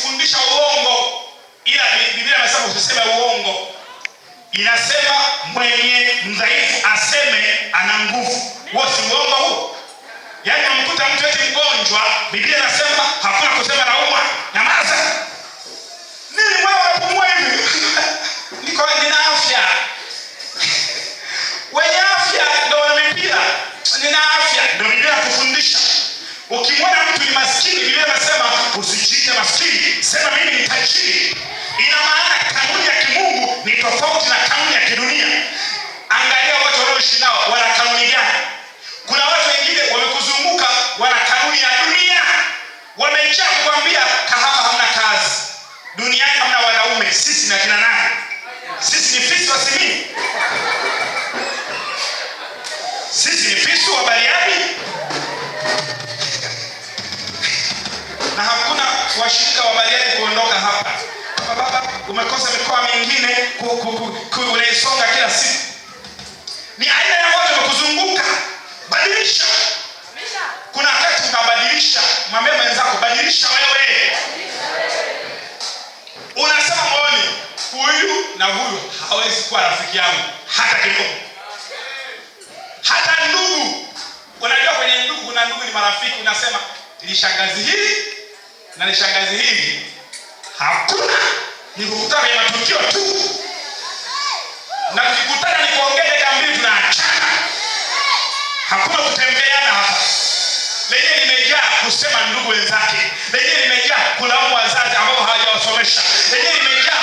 kufundisha uongo, ila Biblia inasema usiseme uongo. Inasema mwenye mdhaifu aseme ana nguvu. Huo si uongo huo? Yaani unamkuta mtu eti mgonjwa, Biblia inasema hakuna kusema naumwa, nyamaza. Nini wewe unapumua hivi? Niko nina afya. Wenye afya ndio wana mipira. Nina afya ndio Biblia kufundisha. Ukimwona mtu ni maskini, Biblia inasema kumi na dunia wamejaa kukwambia kahaba hamna kazi duniani, hamna wanaume. Sisi na kina nani? Sisi ni fisi wasimii, sisi ni fisi wa bariani na hakuna washirika wa bariani kuondoka hapa. Baba, umekosa mikoa mingine kuisonga Jibadilisha wewe. Unasema moyoni, huyu na huyu hawezi kuwa rafiki yangu hata kidogo. Hata ndugu, unajua kwenye ndugu kuna ndugu ni marafiki, unasema lishangazi hili na lishangazi hili hakuna, nikukutana kwenye matukio tu kusema ndugu wenzake, lenyewe limejaa kulaumu wazazi ambao hawajawasomesha, lenyewe limejaa